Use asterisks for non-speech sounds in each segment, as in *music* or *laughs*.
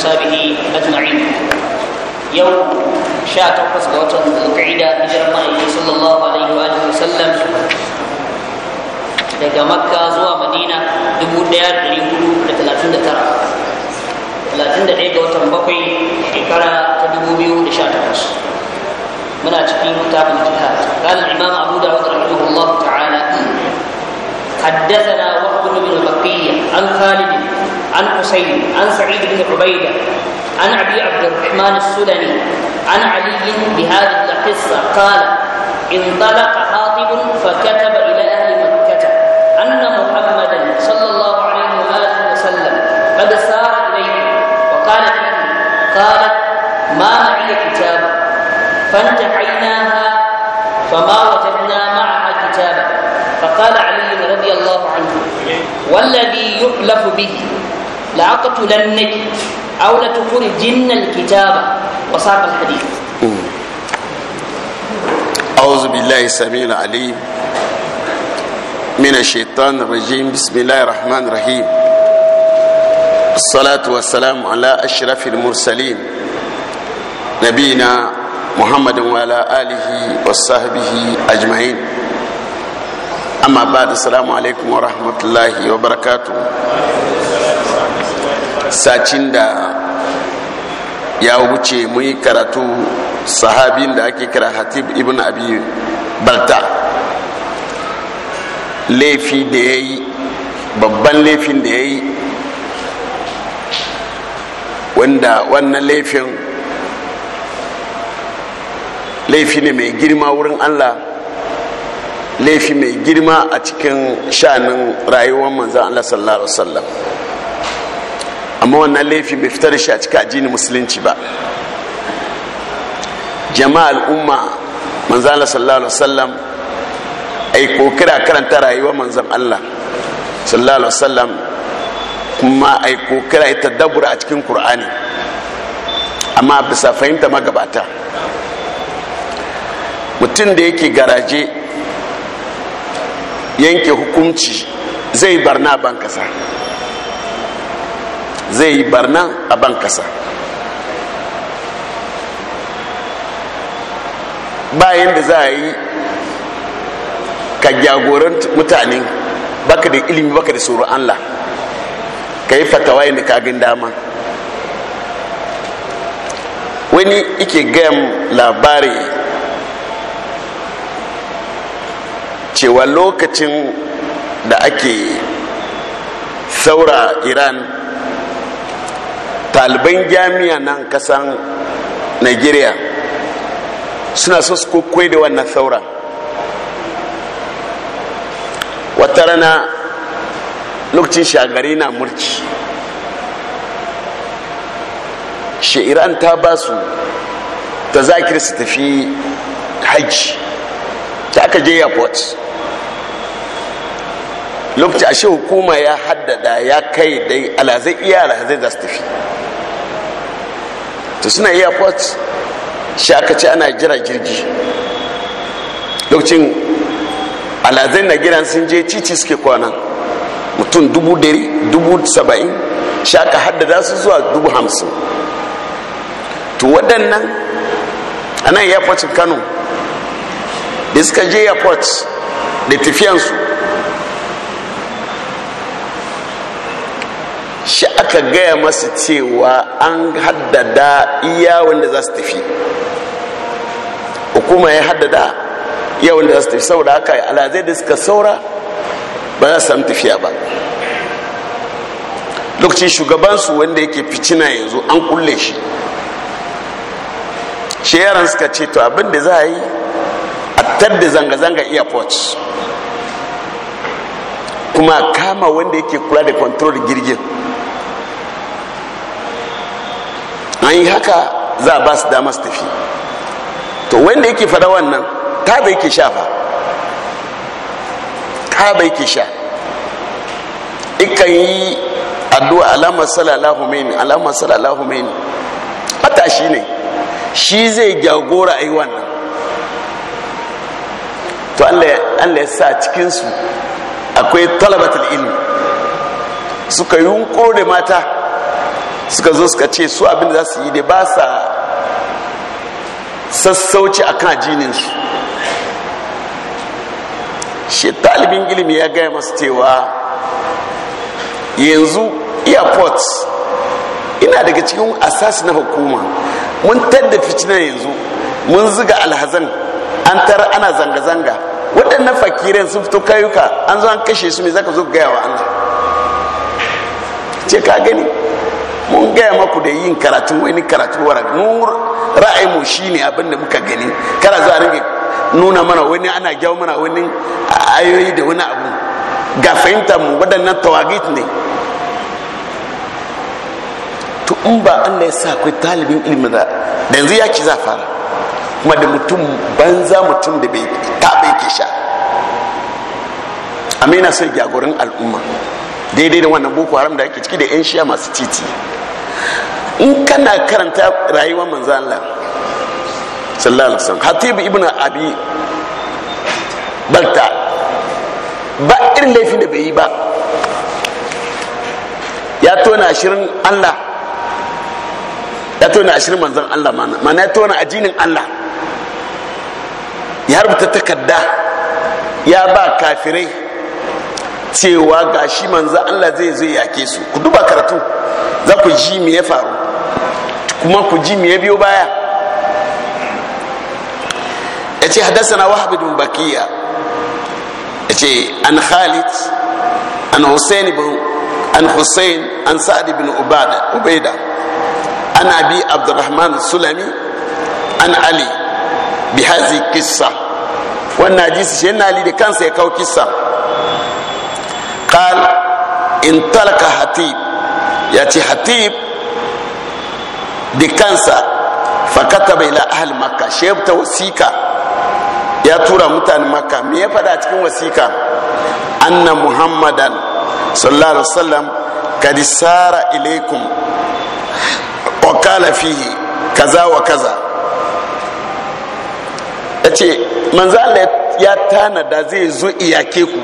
وأصحابه أجمعين يوم شاء تقص قوة القعدة هجر الله صلى الله عليه وآله وسلم daga makka zuwa madina 1439 31 ga watan bakwai shekara ta 2018 muna cikin kitabun jihad قال الإمام أبو داود رحمه الله تعالى حدثنا وهب بن بقية عن خالد عن حسين عن سعيد بن عبيدة عن أبي عبد الرحمن السلمي عن علي بهذه القصة قال انطلق حاطب فكتب إلى أهل مكة أن محمدا صلى الله عليه وآله وسلم قد سار إليهم وقال قالت ما معي كتاب فانتحيناها فما وجدنا معها كتابا فقال علي رضي الله عنه والذي يؤلف به la aqtulanna aw la tukhrijanna alkitaba wa sab alhadith a'udhu billahi samil alim min ash-shaytan rajim bismillahir rahmanir rahim as-salatu was-salamu ala ashrafil mursalin nabina محمد وعلى آله وصحبه أجمعين أما بعد السلام عليكم ورحمة الله وبركاته sacin da ya wuce mun yi karatu sahabin da ake kira hatib ibn abi balta laifi da ya yi babban laifin da ya yi wanda wannan laifin laifi ne mai girma wurin allah laifi mai girma a cikin sha'anin rayuwar manzan allah sallallahu alaihi wasallam amma wannan laifi bai fitar shi a cikin ajini musulunci ba jama'a al'umma manzan Allah sallallahu alaihi wasallam ai kokira karanta rayuwar manzan Allah sallallahu alaihi wasallam kuma ai kokira ita dabura a cikin Qur'ani amma bisa fahimta magabata mutum da yake garaje yanke hukunci zai barna ban kasa zai yi barna a ban kasa bayan da za a yi ka jagoran mutane baka da ilimi baka da tsoron allah ka yi fatawa yadda kagin dama wani ike gam labari cewa lokacin da ake saura iran taliban jami'a nan kasan nigeria suna so su kokoi da wannan saura wata rana lokacin shagari na mulki sha'iran ta ba su ta zakir su tafi hajji ta aka je airport lokaci ashe hukuma ya haddada ya kai dai alazai iya alazai za su tafi to suna airport shi aka ce ana jira jirgi lokacin alazai na giran sun je cici suke kwana mutum dubu dari dubu saba'in shi aka haddada su zuwa dubu hamsin to waɗannan a nan airport kano da suka je airport da tafiyansu aka gaya masu cewa an haddada iya wanda za su tafi hukuma ya haddada iya wanda za su tafi saboda haka alazai da suka saura ba za su samu tafiya ba lokacin shugabansu wanda yake ficina yanzu an kulle shi shi yaran suka ce to abin da za a yi a tadda zanga-zanga iya port kuma kama wanda yake kula da control girgin an yi haka za a ba su dama su tafi to wanda yake fada wannan ta bai yake sha fa ta bai yake sha ikan yi addu'a alamar sallallahu mini alamar sallallahu mini matashi ne shi zai jagora a yi wannan to allah ya sa cikinsu akwai talabatul ilmi suka yi da mata suka zo suka ce su abin da za su yi da ba sa sassauci a kan jininsu shi talibin ilimi ya gaya masu cewa yanzu airport ina daga cikin asasi na hukuma mun tadda fitina yanzu mun ziga alhazan an tara ana zanga-zanga waɗannan fakiran sun fito kayuka an zo an kashe su mai zaka zo gaya wa allah ce ka gani mun gaya maku da yin karatu wani karatu wara mu ra'ayinmu shine abin da muka gani kara za a nuna mana wani ana gyawo mana wani ayoyi da wani abu ga fahimta mu waɗannan tawagit ne to in ba Allah ya sa akwai talibin ilimi da yanzu ya ci za fara kuma da mutum banza mutum da bai taɓa yake sha amina sai jagoran al'umma daidai da wannan boko haram da ake ciki da 'yan shiya masu titi in kana karanta rayuwar manzo Allah sallallahu alaihi wasallam hatib ibn abi balta ba irin laifin da bai yi ba ya tona ashirin Allah ya tona ashirin manzan Allah mana ya tona ajinin Allah ya rubuta takarda ya ba kafirai cewa shi manzo Allah zai zai yake su ku duba karatu za ku ji me ya faru kuma ku ji me ya biyo baya yace hadathana wahab bin bakiya yace an khalid an husayn bin an husayn an sa'd bin ubada ubaida an abi abdurrahman sulami an ali bi hadhihi qissa wannan hadisi shi ali da kansa ya kawo kissa qal in talaka hatib yace hati hatib da kansa fakata bai la ahal makka shebta wasika ya tura mutane makka me ya fada cikin wasika anna muhammadan sallallahu alaihi wasallam kad sara ilaikum wa qala fihi kaza wa kaza yace manzo Allah ya tanada zai zo iyake ku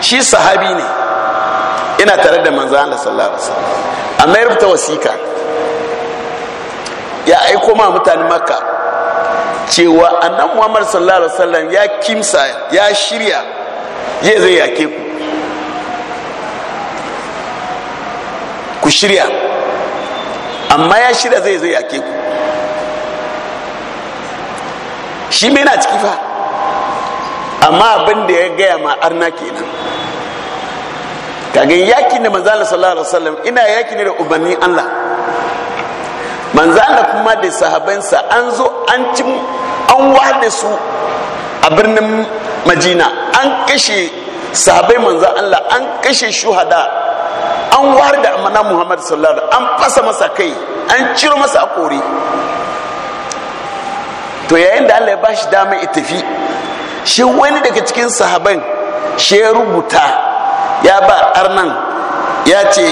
shi sahabi ne ina tare da manzo Allah sallallahu alaihi wasallam amma ya rubuta wasika ya aiko ma mutanen makka cewa annan muhammad sallallahu alaihi wasallam ya kimsa ya shirya ya zai yake ku ku shirya amma ya shirya zai zai yake ku shi mai na ciki fa amma abin da ya gaya ma arna kenan kagin yaƙi da manzo Allah sallallahu alaihi wasallam ina yaƙi ne da ubanni Allah manzo Allah kuma da sahabansa an zo an cin an wahale su a birnin Madina an kashe sahabai manzo Allah an kashe shuhada an war da amana Muhammad sallallahu alaihi an fasa masa kai an ciro masa akori to yayin da Allah ya bashi dama ya tafi shi wani daga cikin sahaban shi ya rubuta ya ba arnan ya ce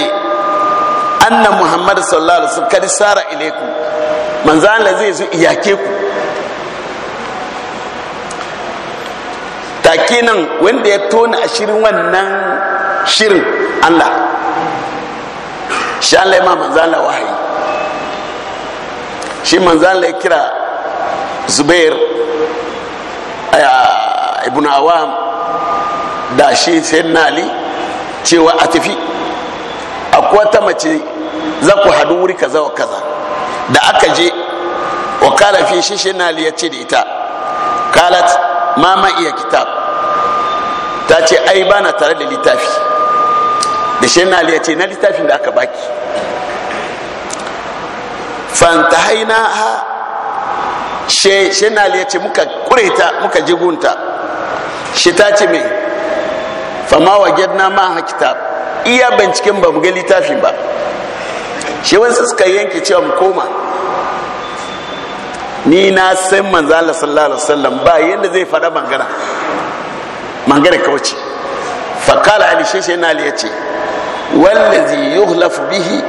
"Annan muhammad sallallahu su kadi sara ilaikum manzan la zai zo iyake ku take nan wanda ya tona ashirin wannan shirin Allah shi Allah ya ma manzan la wahayi shi manzan la ya kira Zubair aya ibn awam da shi sai nali cewa a tafi akwai wata mace za ku hadu wuri kaza wa kaza da aka je wa kala fi shi shi nali ya ce da ita kalat mama iya kitab ta ce ai na tare da littafi da shi nali ya ce na littafin da aka baki fantahaina ha shenali ya ce muka kureta muka jigunta shi ta ce mai fama wa gyadna ma kitab iya binciken ba mu ga littafin ba shi wani suka yanke cewa mu koma ni na san manzo Allah sallallahu alaihi wasallam ba yanda zai fada mangana mangana kauce fa kala ali sheshe na ali yace wallazi yuhlafu bihi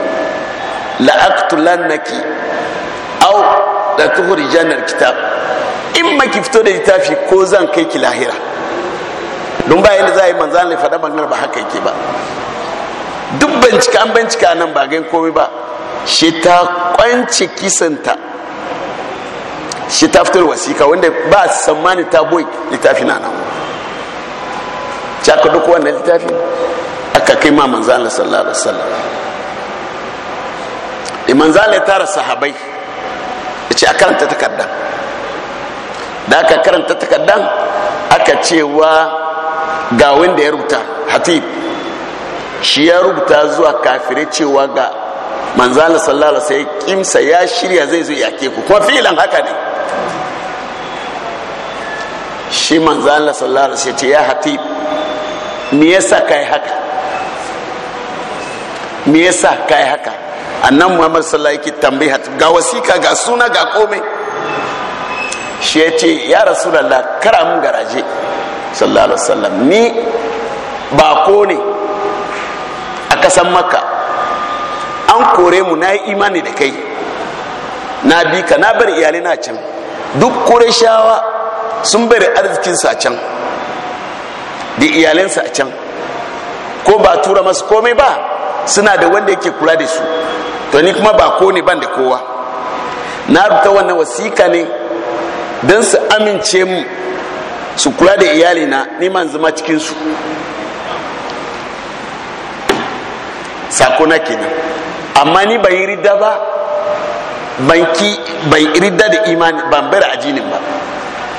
la aqtulannaki aw la tukhrijanna alkitab in ma ki fito da littafi ko zan kai ki lahira don ba yadda za a yi manzan lai faɗa maganar ba haka yake ba duk bincika an bincika nan ba gan komai ba shi ta kwance kisanta shi ta fitar wasika wanda ba tsammanin ta boy littafi na nan ka duk wannan littafi aka kai ma manzan lai sallallahu alaihi wasallam e, manzan lai tara sahabai ya ce a karanta takardar da aka karanta takardar aka cewa ga wanda ya rubuta hatib shi ya rubuta zuwa kafirai cewa ga manzala sallala sai kimsa ya shirya zai zo ke ku kuma filan haka ne shi manzala sallala sai ce ya hatib me yasa kai haka me yasa kai haka annan muhammad sallallahu alaihi tambiha ga wasika ga suna ga komai shi ya ce ya rasulullah kara mun garaje sallallahu alaihi wasallam ni bako ne a kasan makka an kore mu na yi imani da kai na bi ka na bar iyali na can duk kore shawa sun bari arzikin a can da iyalinsu a can ko ba tura masu komai ba suna da wanda yake kula da su to ni kuma ba ko ne ban da kowa na rubuta wannan wasika ne don su amince mu su kula da iyali na neman zama cikinsu sako na kenan amma ni ban yi ridda ba ban ki ban ridda da imani ban bar ajinin ba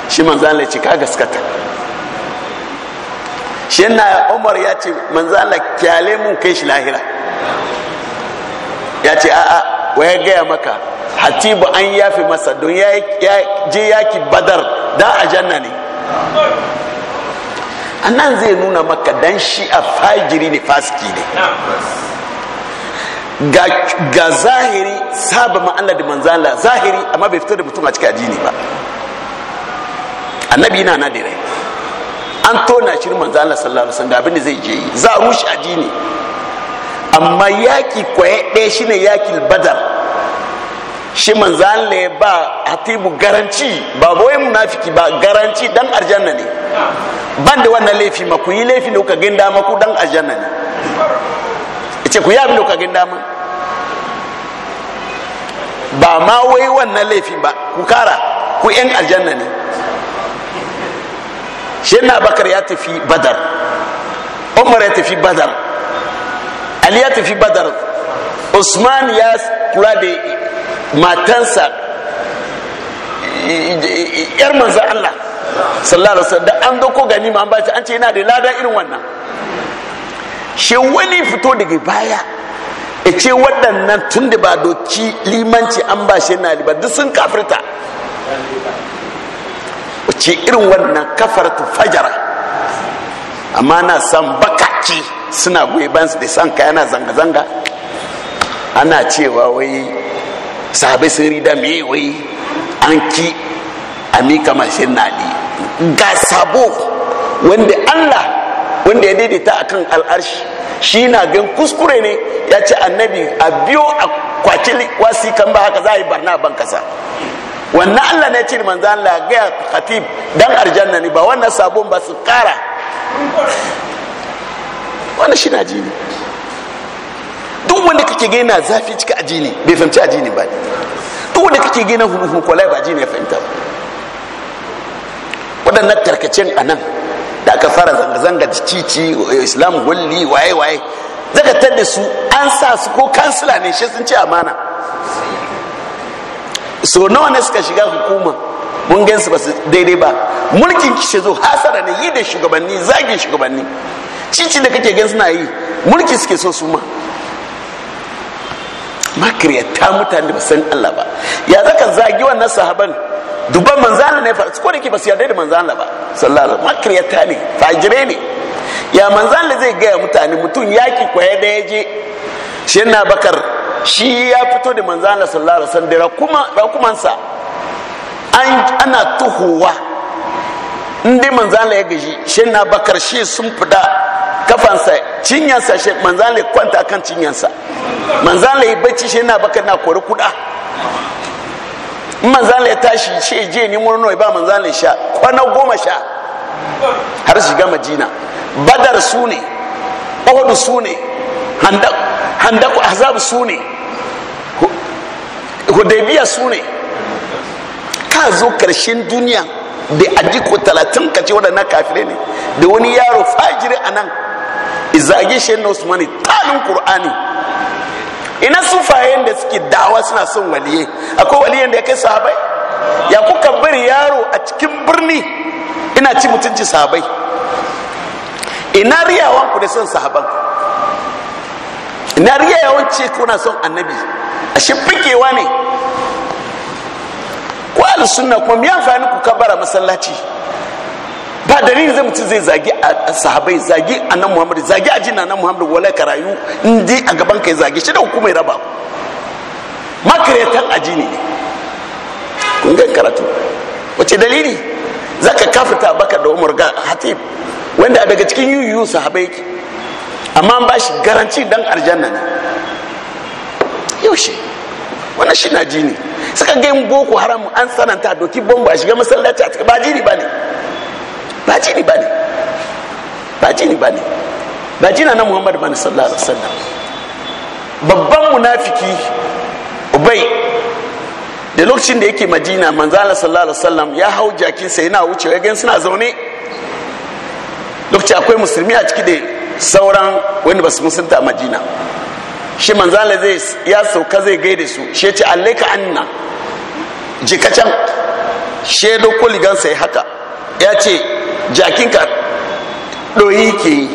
shi manzo Allah ce ka gaskata shi yana Umar ya ce manzo Allah kyale mun kai shi lahira ya ce a'a waya gaya maka hatibu an yafi masa don ya je yaki badar da ajanna ne anan zai nuna maka dan shi a fajiri ne fasiki ne ga zahiri saba ma'ana da manzala zahiri amma bai fito da mutum a cikin addini ba annabi na na dire an tona shi manzala sallallahu alaihi wasallam abin da zai je yi za a rushe addini amma yaki kwaye ɗaya shine yakin badar shi manzan ne ba hatibu garanci ba boye munafiki ba garanci dan arjanna ne ban da wannan laifi ma ku yi laifi da kuka gina dama ku dan arjanna ne ce ku yi abin da kuka gina dama ba ma wai wannan laifi ba ku kara ku yan aljanna ne shi na bakar ya tafi badar umar ya tafi badar ali ya tafi badar usman ya kula da matansa yar manzo Allah sallallahu alaihi wasallam an ga ko gani ma an bace an ce yana da lada irin wannan she wani fito daga baya e ce waɗannan tun da ba doki limanci an ba shi na ba duk sun kafirta ce irin wannan kafarta fajara amma na san bakaci suna goyi bansu da san kayana zanga-zanga ana cewa wai sahabai sun rida me wai an ki a mika mashin nadi ga sabo wanda allah wanda ya daidaita kan al'arshi shi na gan kuskure ne ya ce annabi a biyo a kwaci wasi kan ba haka za a yi barna a ban kasa wannan allah ne ce manzo allah ga khatib dan arjanna ne ba wannan sabon ba su kara wannan shi na ji ne duk wanda kake ga yana zafi cika ajini bai fahimci ajini ba ne. duk wanda kake ga yana ko kwalai ba ajini ya fahimta waɗannan tarkacen a nan da aka fara zanga-zanga da cici islam gulli waye-waye zagatar da su an sa su ko kansila ne shi sun ci amana so nawa ne suka shiga hukuma mun gansu ba su daidai ba mulkin kishe zo hasara ne yi da shugabanni zagin shugabanni cici da kake gan suna yi mulki suke so su ma makaryata mutane ba san Allah ba ya zaka zagi wannan sahaban duban manzana ne fa ko da ke ba su yarda da manzana ba sallallahu alaihi makaryata ne fajire ne ya manzana zai gaya mutane mutum yaki kwaya da ya je shi na bakar shi ya fito da manzana sallallahu alaihi wasallam da kuma rakumansa an ana tuhuwa in dai manzana ya gaji shi na bakar shi sun fida kafansa cinyansa shi manzali kwanta kan cinyansa manzan lai bacci shi yana baka na kori kuda manzali manzan tashi shi je ni murno ba manzan sha kwana goma sha har shiga majina badar su ne uhud su ne handaku ahzab su ne hudaybiya su ne ka zo karshen duniya da aji ko talatin kace waɗannan kafirai ne da wani yaro fajiri a nan izage shi na usmani talin qur'ani ina sufayen da suke dawa suna son waliye akwai waliyen da ya kai sahabai ya kuka bari yaro a cikin birni ina ci mutunci sahabai ina riyawan ku da son sahaban ina riyawan ce kuna son annabi a shimfikewa ne ko sunna kuma me amfani ku kabara masallaci ba dalilin zai mutum zai zagi a sahabai zagi a nan muhammadu zagi a jina nan muhammadu wala ka rayu inda a gaban ka zagi shi da hukumai raba a aji ne kun gan karatu wace dalili ka kafita baka da umar ga hatib wanda daga cikin yuyu sahabai yake amma ba shi garanci dan aljanna ne yaushe wannan shi na jini suka ga boko haram an sananta doki bomba shiga masallaci a cikin ba jini ba ne baji ni bane baji ni bane baji na nan muhammadu na muhammad bane sallallahu alaihi wasallam babban munafiki ubai da lokacin da yake madina manzala sallallahu alaihi wasallam ya hau jakin jakinsa yana wuce ya gan suna zaune lokacin akwai musulmi a ciki da sauran wanda ba su musulta a madina shi manzala zai ya sauka zai gaida su shi ce alaika anna jikacan shedo koligansa ya haka ya ce jakin ka ɗoyi ke yi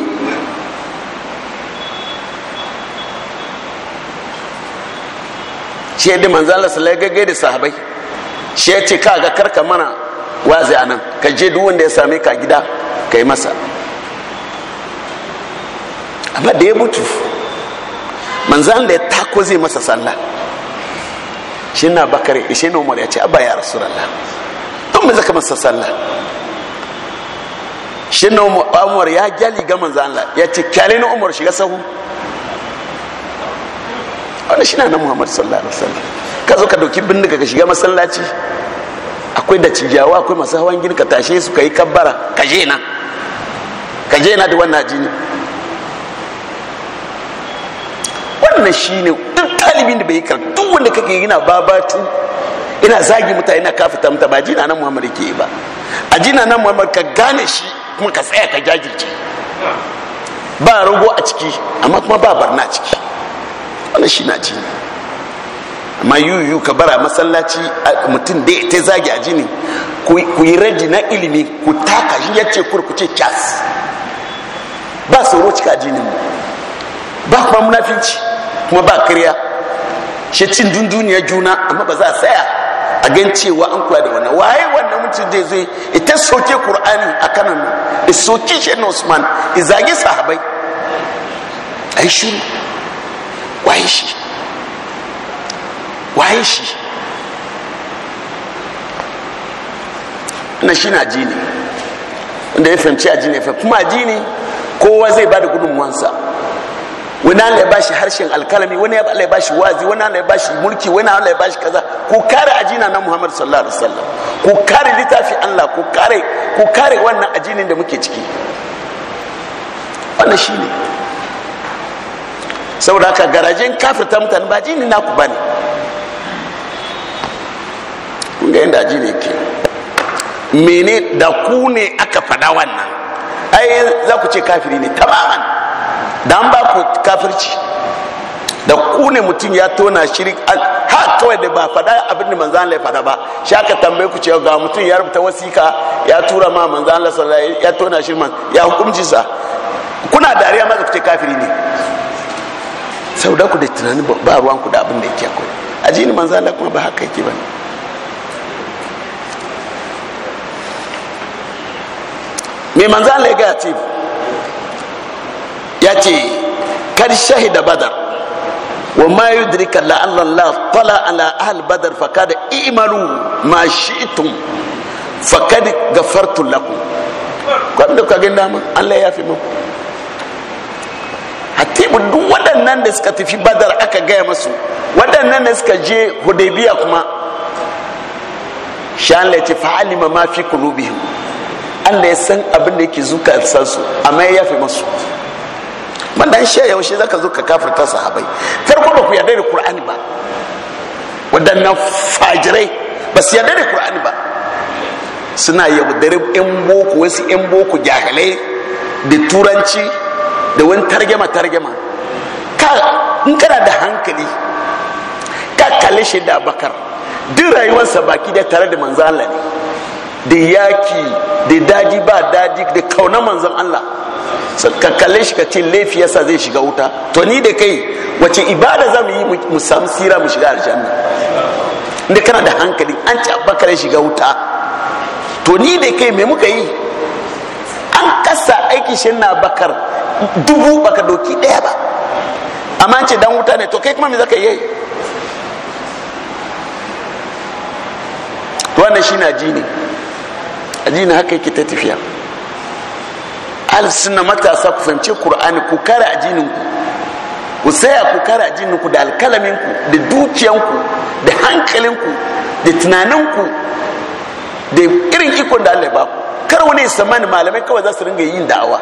shi yadda manzala salai gaggai da sahabai shi ya ce ka ga karka mana wazi a nan ka je duk wanda ya same ka gida ka yi masa amma da ya mutu manzan da ya tako zai masa sallah shi na bakare shi na umar ya ce abba ya rasu rallah don mai zaka masa sallah shi na umar ya gyali ga manzo Allah ya ce kyale na umar shiga sahu wannan shi na na muhammad sallallahu alaihi wasallam ka zo ka doki bindiga ka shiga masallaci akwai da cijawa akwai masu hawan gini ka tashe su ka yi kabbara ka je na ka je na da wannan jini wannan shi ne duk talibin da bai yi karatu duk wanda kake na babatu ina zagi mutane ina kafita mutane ba jina nan muhammad ke yi ba a jina nan muhammad ka gane shi kuma ka tsaya ka jajirce ba rago a ciki amma kuma ba barna a ciki wani shi na ci amma yuyu ka bara masallaci mutum da ta zagi a jini ku yi raji na ilimi ku taka shi ya ce kurkuce cas ba tsoro cika jinin mu ba kuma munafinci kuma ba kariya shi cin dunduniyar juna amma ba za a tsaya a gan cewa an kula da wannan waye wannan mutum zai zo ita soke qur'ani a kanan nan ya soke shi usman ya zage sahabai yi shiru waye shi waye shi na shi na ji ne wanda ya fahimci ji ne kuma ji ne kowa zai ba da gudunmuwansa wani Allah ya bashi harshen alkalami wani Allah ya bashi wazi wani Allah ya bashi mulki wani Allah ya bashi kaza ku kare ajina na Muhammad sallallahu alaihi wasallam ku kare littafi Allah ku kare ku kare wannan ajinin da muke ciki wannan shine saboda haka garajen kafirta mutane ba ajini ku bane kun ga yadda ajini yake mene da ku ne aka faɗa wannan ai za ku ce kafiri ne tamaman da an ba ku kafirci da ku ne mutum ya tona shirik ha kawai da ba fada abin da manzan lai fada ba shi aka tambaye ku cewa ga mutum ya rubuta wasika ya tura ma manzan lai sallallahu ya tona shirman ya hukumci sa kuna dariya ma ku ce kafiri ne sau da ku da tunanin ba ruwan ku da abin da yake akwai ajini manzan lai kuma ba haka yake ba mai manzan lai ga ya ce ya ce kar shahida badar wa ma yudrika la Allah tala ala ahal badar fa kada i'malu ma shi'tum fa kad ghafartu lakum kan da kage dama Allah ya fi a hatibu duk waɗannan da suka tafi badar aka gaya masu waɗannan da suka je hudaybiya kuma shan la ce fa'alima ma fi qulubihim Allah ya san abin da yake zuka su amma ya fi masu wannan shi yaushe zaka zo ka kafirta sahabai farko ba ku yarda da qur'ani ba wadannan fajirai ba su yarda da qur'ani ba suna dare in boko wasu in boko jahilai da turanci da wani targema targema ka in kana da hankali ka kalle shi da bakar duk rayuwarsa baki da tare da Allah ne da yaki da daji ba daji da kauna manzon Allah ka kalle shi ka ce laifi yasa zai shiga wuta to ni da kai wace ibada za mu yi mu samu sira mu shiga aljanna inda kana da hankali an ci abakar shiga wuta to ni da kai me muka yi an kasa aiki shi na bakar dubu baka doki daya ba amma ce dan wuta ne to kai kuma me zaka yi wannan shi na ji addini haka yake ta tafiya alisunna matasa fahimci kur'ani ku kare addininku ku saya ku kare ku da ku da dukiyanku da hankalinku da tunaninku da irin ikon da allah ba ku kar wani samani malamai kawai za su ringa yin da'awa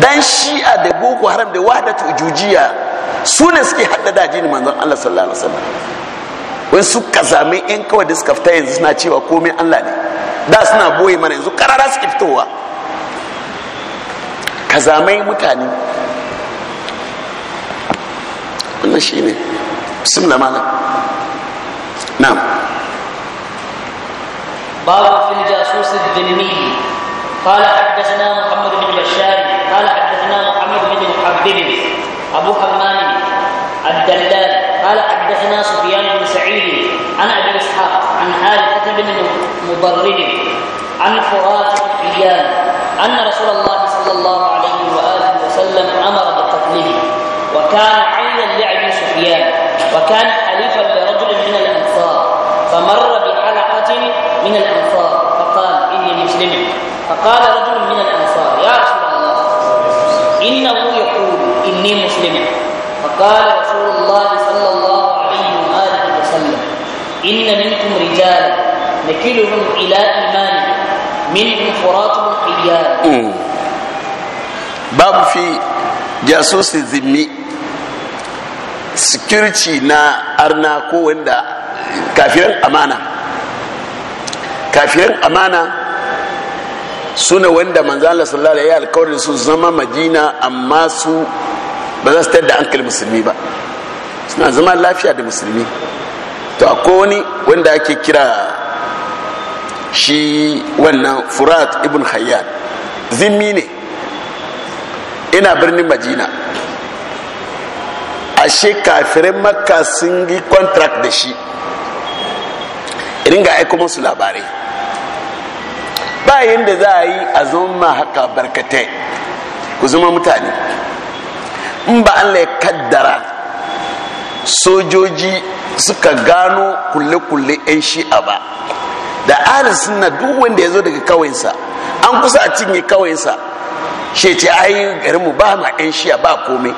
dan shi'a da boko haram da wahdatu ujujiya su ne suke haddada addinin manzon allah sallallahu alaihi wasallam wai su kazamai kawai da suka fita yanzu suna cewa komai allah ne da suna boye mana yanzu su suke fitowa ka zamai mutane wannan shi ne suna mana na babu fil jasus dinni قال حدثنا محمد بن بشار قال حدثنا محمد بن حبيب ابو حمان الدلال قال حدثنا سفيان بن سعيد ابن مبرره عن فرات الحيان أن رسول الله صلى الله عليه وآله وسلم أمر بقتله وكان عينا لأبي سفيان وكان حليفا برجل من الأنصار فمر بحلقة من الأنصار فقال إني مسلم فقال رجل من الأنصار يا رسول الله إنه يقول إني مسلم فقال رسول الله صلى الله عليه وآله وسلم إن من نكلهم إلى إيمان منهم فرات القيام باب في جاسوس الذمي security na arna ko wanda kafiran amana kafiran amana suna wanda manzala sallallahu alaihi alkawarin su zama madina amma su ba za su da hankali musulmi ba suna zama lafiya da musulmi to akwai wani wanda ake kira shi wannan furat ibn hayyan zimmi ne ina birnin majina ashe kafirin makka sun yi contract da shi ringa aiko musu labarai bayan da za a yi a zama haka barkatai ku zama mutane in ba allah ya kaddara sojoji suka gano kulle-kulle 'yan shi'a ba da ahli sunna duk wanda ya zo daga kawansa, an kusa a cinye kawainsa shi ce ayi garin mu ba ma yan shiya ba komai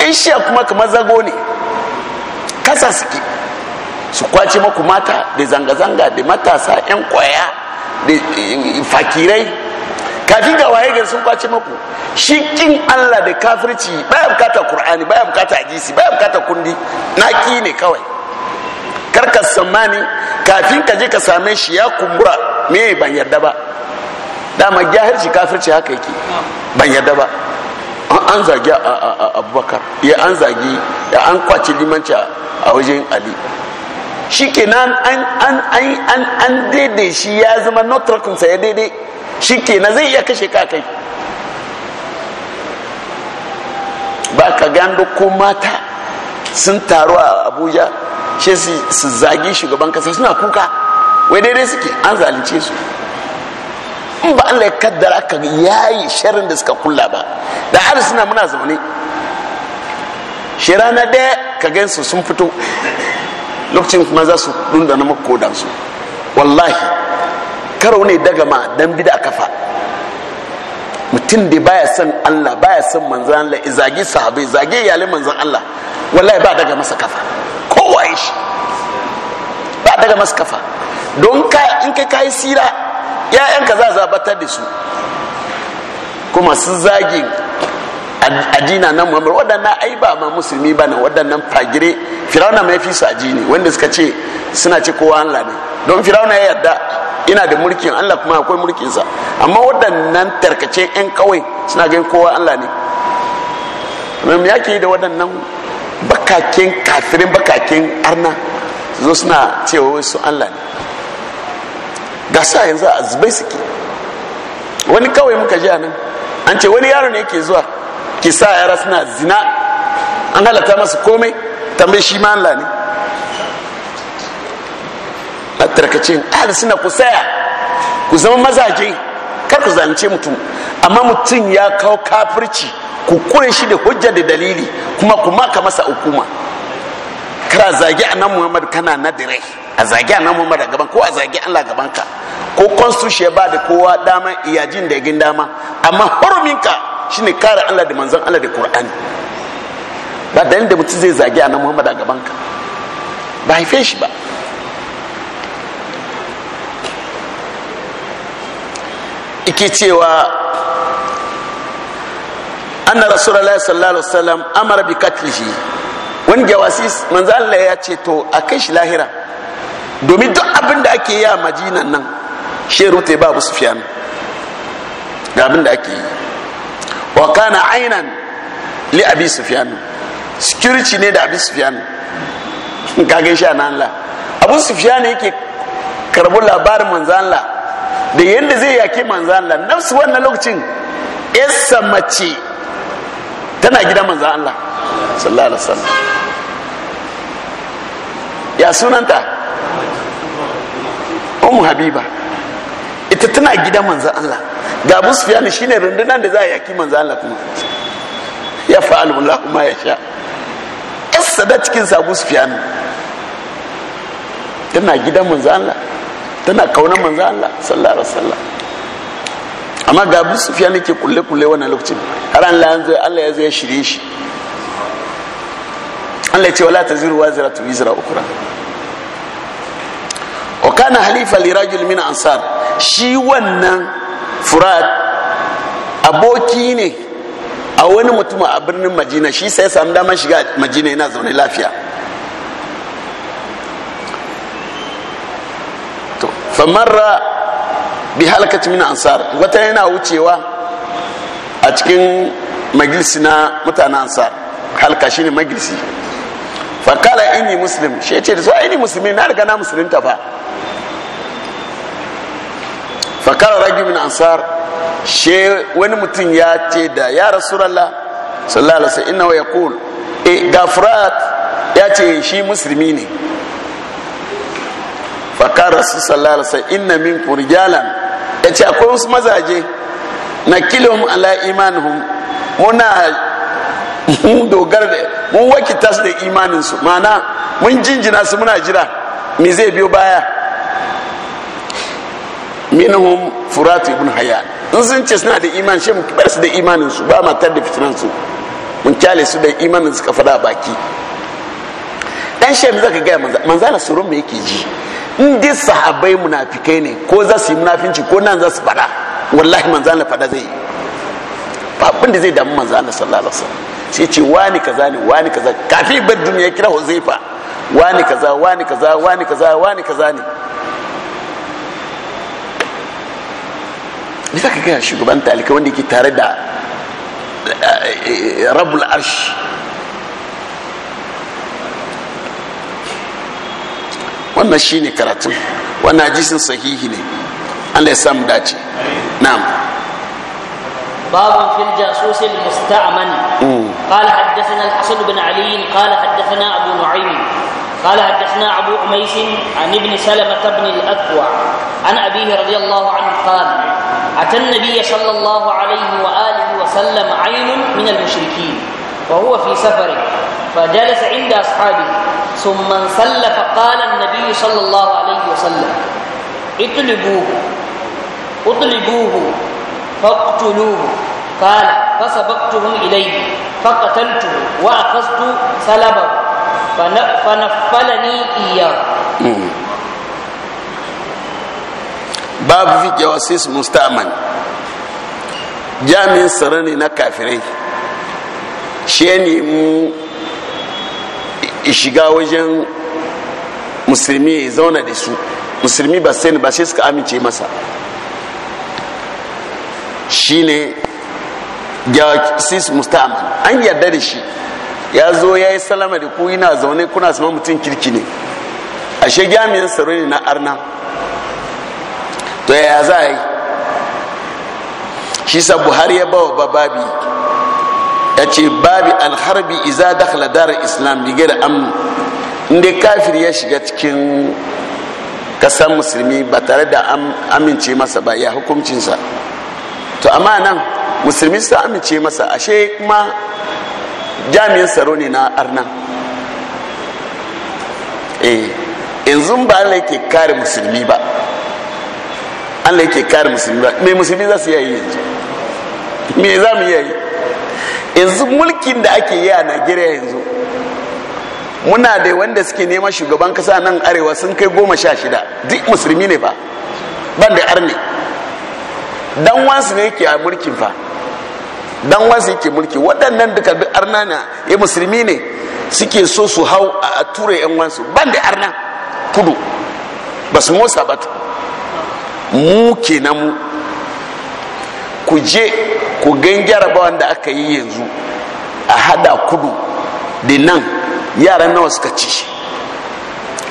yan shiya kuma kamar zago ne kasa suke su kwace maku mata da zanga-zanga da matasa yan kwaya da eh, fakirai kafin ga waye gari sun kwace maku shi kin Allah da kafirci baya bukata kur'ani baya bukata hadisi baya bukata kundi naki ne kawai karka samani kafin ka je ka same shi ya kumbura me ban yarda ba dama jahilci kafirci haka yake ban yarda ba an zagi abubakar ya an zagi ya an kwace limanci a wajen ali shikenan an an an an an daidai shi ya zama notrakum ya daidai shikenan zai iya kashe ka kai ba ka gando ko mata sun taru a abuja shi su zagi shugaban kasa suna kuka wai daidai suke an zalunce su in ba Allah ya kaddara ka yayi sharrin da suka kulla ba da har suna muna zaune shi rana ɗaya ka gansu sun fito lokacin kuma za su dunda na makodan su wallahi karo ne daga ma dan bida kafa mutum da baya son Allah baya son manzan Allah zage sahabai zage iyalin manzan Allah wallahi ba daga masa kafa kowaye shi ba daga maskafa don ka in ka kayi sira ya'yanka za zabatar da su kuma su zagi adina nan muhammad waɗannan ai ba ma musulmi ba na waɗannan fagire firawuna mai fi su ajini wanda suka ce suna ce kowa allah ne don firawuna ya yarda ina da mulkin allah kuma akwai mulkinsa amma waɗannan tarkace 'yan kawai suna ganin kowa allah ne ke yake da waɗannan bakakin kafirin bakakin arna zo suna cewa wai su allah ne ga sa yanzu a zubai suke wani kawai muka ji nan an ce wani yaro ne yake zuwa ki sa yara suna zina an halata masu komai tambayi shi ma allah ne a tarkacin ahal suna ku saya ku zama mazaje kar ku zance mutum amma mutum ya kawo kafirci ku kure shi da hujja da dalili kuma ku maka masa hukuma kara zagi annan muhammad kana na dire a zagi annan muhammad a gaban ko a zagi allah gaban ka ko constitution ba da kowa dama iyajin da gin dama amma hurumin ka shine kare allah da manzon allah da Kur'ani. ba dalilin da mutum zai zagi annan muhammad a gaban ka ba haife shi ba ike cewa anna rasulullahi sallallahu alaihi wasallam amara bi katlihi wani jawasi manzo Allah ya ce to a kai shi lahira domin duk abin da ake yi a majinan nan sheru ta babu sufyan da abin da ake yi wa kana ainan li abi sufyan security ne da abi sufyan *laughs* ka ga sha nan Allah abu sufyan yake karbu labarin manzo Allah da yanda zai yake manzo Allah nafsu wannan lokacin yassa mace tana gidan manzan Allah sallallahu alaihi wasallam ya sunanta ummu habiba ita tana gidan manzan Allah ga abu sufyan shine rundunar da za a yaki manzan Allah kuma ya fa'alu Allahu ma ya sha da cikin sabu sufyan tana gidan manzan Allah tana kaunar manzan Allah sallallahu alaihi wasallam amma ga abu sufiya ne ke kulle-kulle wannan lokacin har an allah ya zai shirye shi allah ya ce wala ta ziru wa zira tuwi zira ukura o kana halifa lirajul min ansar shi wannan furat aboki ne a wani mutum a birnin majina shi sai samu damar shiga majina yana zaune lafiya famarra bi halakacin min ansar wata yana wucewa a cikin majalisi na mutanen ansar halka shine majalisi fakala inni muslim shi ce da su ni musulmi na riga na musulunta fa fakala ragi min ansar shi wani mutum ya ce da ya rasulallah sallallahu alaihi wasallam inna wa yaqul e gafrat ya ce shi musulmi ne fakar rasu sallallahu alaihi wasallam inna min rijalan ya ce akwai wasu mazaje na kilom ala imanihum muna mun dogara da mun wakita su da imaninsu mana mun jinjina su muna jira me zai biyo baya minhum furatu ibn haya in sun ce suna da iman shi mun bar su da imaninsu ba matar da fitinansu mun kyale su da imaninsu ka fada baki dan shi zaka ga manzala surun me yake ji indi dai sahabai munafikai ne ko za su yi munafinci ko nan za su fada wallahi manzo Allah fada zai yi babin da zai damu manzo Allah sallallahu alaihi wasallam sai ce wani kaza ne wani kaza kafin bar duniya kira Huzaifa wani kaza wani kaza wani kaza wani kaza ne ni zaka ga shugaban talika wanda yake tare da eh, eh, rabbul arshi wannan shi ne karatun wannan hadisin sahihi ne allah ya samu dace na'am babun fil jasusin musta'aman mm. qala haddathana al-hasan ibn ali qala haddathana abu nu'aym قال حدثنا ابو اميس عن ابن سلمه بن الاكوع عن ابيه رضي الله عنه قال اتى النبي صلى الله عليه واله وسلم عين من المشركين وهو في سفره فجلس عند اصحابه ثم انسل فقال النبي صلى الله عليه وسلم اطلبوه اطلبوه فاقتلوه قال فسبقتهم إليه فقتلته وأخذت سلبه فنفلني إياه باب في جواسيس مستأمن jami'in سرني نكافرين شيني kafirai shiga wajen musulmi ya zauna da su musulmi ba sai ba sai suka amince masa shine sis musta'aman an yarda da shi ya zo ya yi salama da ku yana zaune kuna sama mutum kirki ne ashe jami'in tsaro ne na arna to ya za a yi shi sa buhari ya bawa babi. ya ce babi alharbi iza dakhala dar islam bi gaira am inda kafir ya shiga cikin kasar musulmi ba tare da amince masa ba ya hukuncinsa to amma nan musulmi su amince masa ashe kuma jami'in tsaro ne na arna eh yanzu ba Allah yake kare musulmi ba Allah yake kare musulmi ba me musulmi za su yayi yanzu me za mu yayi yanzu mulkin da ake yi a najeriya yanzu muna da wanda suke neman shugaban kasa nan arewa sun kai goma sha shida duk musulmi ne fa ban da arne dan wansu ne yake a mulkin fa dan wansu yake mulki waɗannan duka duk arna na ya eh, musulmi ne suke so su hau a tura yan wansu ban da arna kudu ba su motsa ba mu kenan mu ku je ku gan jarabawan wanda aka yi yanzu a hada kudu da nan yaran nawa suka ci shi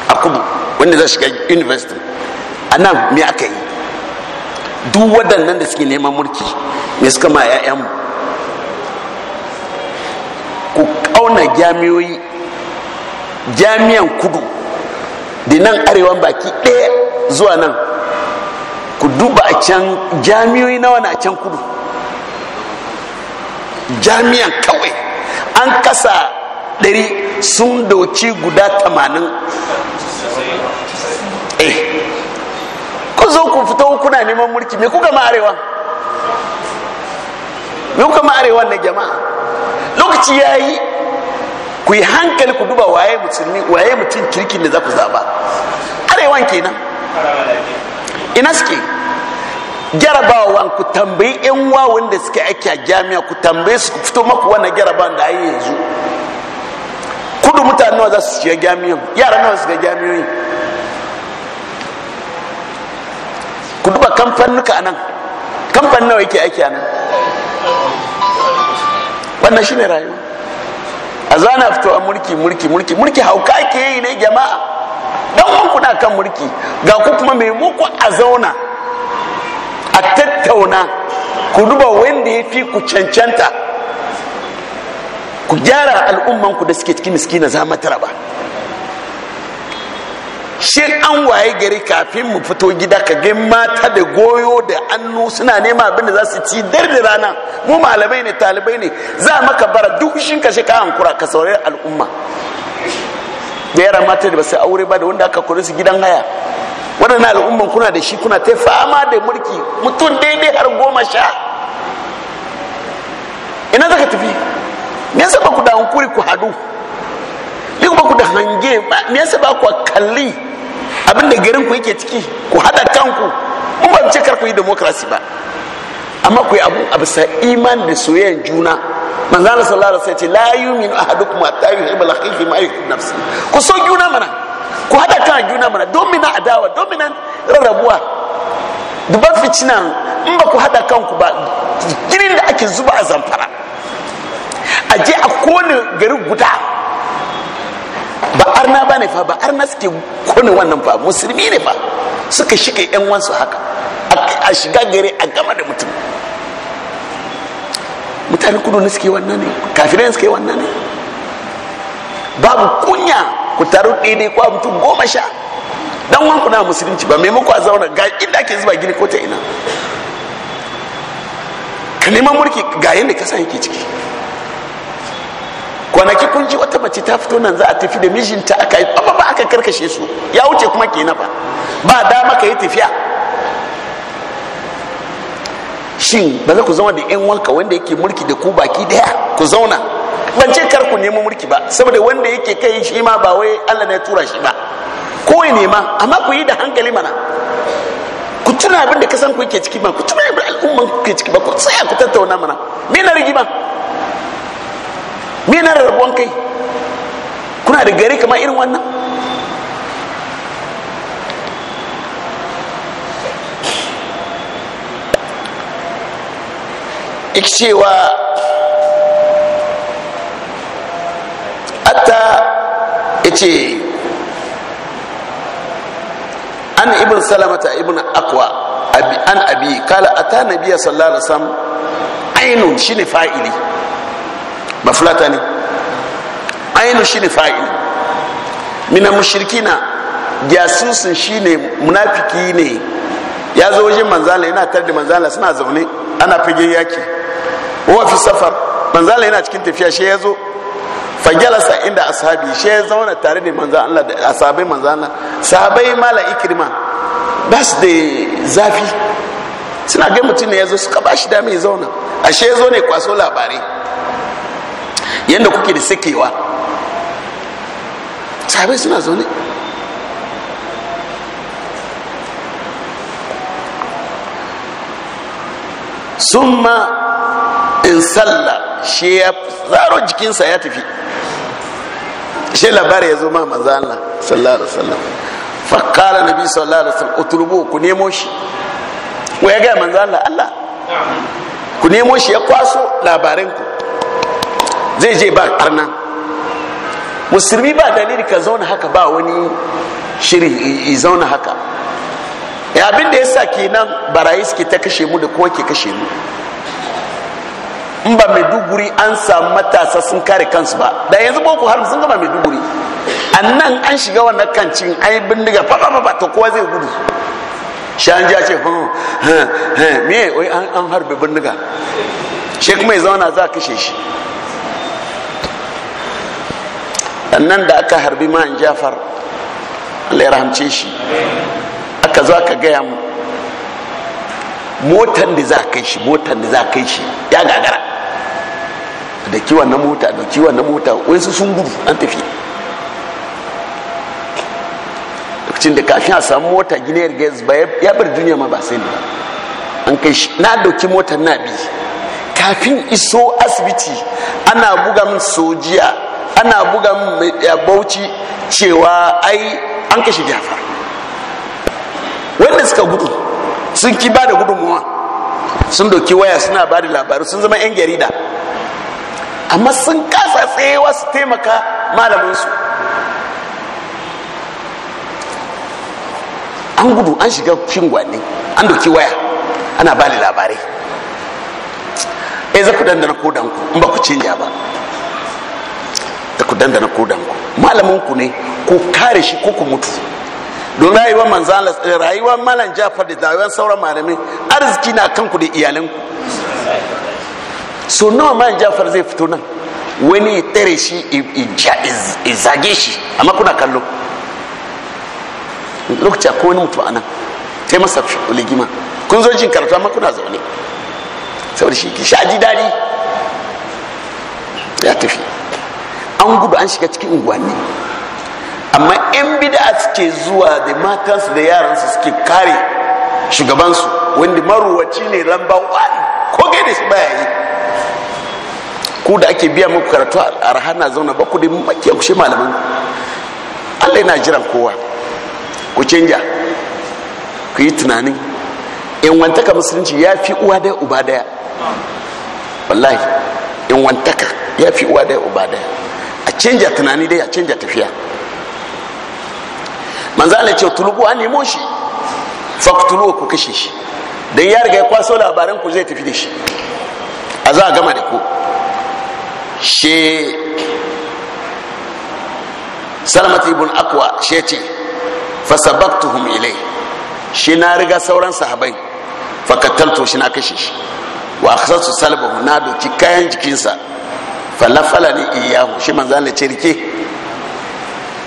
a kudu wanda za shiga university a nan me aka yi duk waɗannan da suke neman mulki me suka ma 'ya'yanmu ku ƙauna jami'oyi jami'an kudu da nan arewan baki ɗaya zuwa nan ku duba a can jami'oyi nawa na can kudu jami'an kawai an kasa ɗari sun doci guda tamanin eh ku zo ku fito kuna neman mulki me kuka ma'arewa me kuka ma'arewa na jama'a lokaci ya yi ku yi hankali ku duba waye musulmi waye mutum kirki ne za ku zaba arewan kenan ina suke jarabawan ku tambayi yan wawan da suke aiki a jami'a ku tambaye su fito maku wannan jarabawan da ayi yanzu kudu mutane nawa za su shiga jami'a yara nawa su ga jami'a ku duba kamfanuka a nan kamfanin nawa yake aiki a nan wannan shi ne rayuwa a zana fito a mulki mulki mulki mulki hauka ke yi ne jama'a dan wanku na kan mulki ga ku kuma mai muku a zauna a tattauna ku duba wanda ya fi ku cancanta ku gyara al'ummanku da suke cikin na zama tara ba shin an waye gari kafin mu fito gida ka ga mata da goyo da annu suna nema abinda da za su ci dar da rana mu malamai ne talibai ne za maka bara duk shin ka shika hankura ka saurari al'umma da yara mata da ba su aure ba da wanda aka kore su gidan haya waɗannan al'umman kuna da shi kuna ta fama da mulki mutum daidai har goma sha ina zaka tafi me yasa ba ku da hankuri ku hadu me ba ku da hange me yasa ba ku kalli abin da garin ku yake ciki ku hada kanku mun ba ce kar ku yi demokrasi ba amma ku yi abu a bisa iman da soyayyar juna manzo Allah sallallahu alaihi wasallam ya ce la yu'minu ahadukum hatta yuhibba lakhihi ma yuhibbu nafsihi ku so juna mana ku hada kan juna mana domina na adawa domin na rarrabuwa duban ficinan in ba ku hada kanku ba girin da ake zuba a zamfara a je a kone gari guda ba arna ba ne fa ba arna suke kone wannan fa musulmi ne fa suka shige yan wansu haka a shiga gari a gama da mutum mutane kudu ne suke wannan ne kafirai suke wannan ne babu kunya ku taru ne kwa mutum goma sha dan wanku na musulunci ba maimako a zauna ga inda ake zuba gini ko ta ina ka neman mulki ga yadda ka san yake ciki kwanaki kun ji wata mace ta fito nan za a tafi da mijinta aka yi amma ba aka karkashe su ya wuce kuma ke ba ba dama ka yi tafiya shin ba za ku zama da yan wanka wanda yake mulki da ku baki daya ku zauna ban ce kar ku nemo mulki ba saboda wanda yake kai shi ma ba wai Allah ne tura shi ba ko ne ma amma ku yi da hankali mana ku tuna abin da kasan ku yake ciki ba ku tuna abin al'umman ku ke ciki ba ku tsaya ku tattauna mana me na rigima me na rabuwan kai kuna da gari kamar irin wannan ikcewa cewa hatta yace an ibn salamata ibn akwa abi an abi kala ata nabiya sallallahu alaihi wasallam ainun shine fa'ili fulata ne shi shine fa'ili mina mushrikina jasusun shine munafiki ne ya zo wajen manzala yana tar da manzala suna zaune ana fage yaki wa fi safar manzala yana cikin tafiya shi ya zo fajalasa inda ashabi shi ya zauna tare da manzan Allah da asabai manzan Allah sahabai mala ikrima ba su da zafi suna ga mutum ne ya zo suka ba shi dama ya zauna ashe ya zo ne kwaso labarai yadda kuke da sakewa sahabai suna zaune summa in sallah shi ya zaro jikinsa ya tafi shi labari ya zo ma maza Allah sallallahu alaihi wasallam fa qala nabi sallallahu alaihi wasallam utrubu ku nemo shi wa ya ga manzo Allah Allah ku nemo shi ya kwaso labarin ku zai je ba karna musulmi ba dalili ka zauna haka ba wani shiri i zauna haka abin da ya sa kenan barayi suke ta kashe mu da kuma ke kashe mu in ba maiduguri an samu matasa sun kare kansu ba da yanzu boko haram sun gama maiduguri nan an shiga wannan kancin ai bindiga fafafafa to kowa zai gudu an ja ce hun wai an harbe bindiga shi kuma ya zauna za a kashe shi nan da aka harbi ma'an jafar allai rahamce shi aka zo aka gaya mu motan da za kai shi motan da za kai shi ya gagara da kiwon na mota da kiwon na mota su sun gudu an tafi lokacin da kafin a samu mota giniyar gas ba ya bar duniya ma ba sai ne an kai shi na dauki motar na bi kafin iso asibiti ana buga min sojiya ana buga min bauchi cewa ai an kashe jafa wanda suka gudu sun ki ba da gudunmuwa sun doki waya suna ba da labaru sun zama 'yan jarida amma sun kasa tsayewa su taimaka malaminsu an gudu an shiga shingwanni an doki waya ana ba ni labarai eh za ku dandana kodanku in ba ku canja ba da ku dandana kodanku malaminku ne ko kare shi ko ku mutu don rayuwar manzan rayuwar malam jafar da rayuwar sauran malamin arziki na kanku da iyalanku so nawa man jafar zai fito nan wani ya tare shi ya zage shi amma kuna kallo lokaci ko wani nan ta sai masa ligima kun zo jin karatu amma kuna zaune saboda shi sha ji dadi. ya tafi an gudu an shiga cikin unguwanni amma yan bida suke zuwa da matansu da yaransu suke kare shugabansu wanda maruwaci ne lamba wani ko da shi baya yi ku da ake biya muku karatu a rahana zauna ba ku da maki ku shi malaman allah yana jiran kowa ku canja ku yi tunanin in wantaka musulunci ya fi uwa daya uba daya wallahi in wantaka ya fi uwa daya uba daya a canja tunani dai a canja tafiya manzo Allah ce tulubu an nemo shi faktulu ku kashe shi dan ya riga ya kwaso labaran ku zai tafi da shi a za a gama da ku she salamati ibn akwa she ce fasabaktuhum ilai shi na riga sauran sahabai fakatalto shi na kashe shi wa akhsatu salbahu na doki kayan jikinsa falafala ni iyahu shi manzo Allah ce rike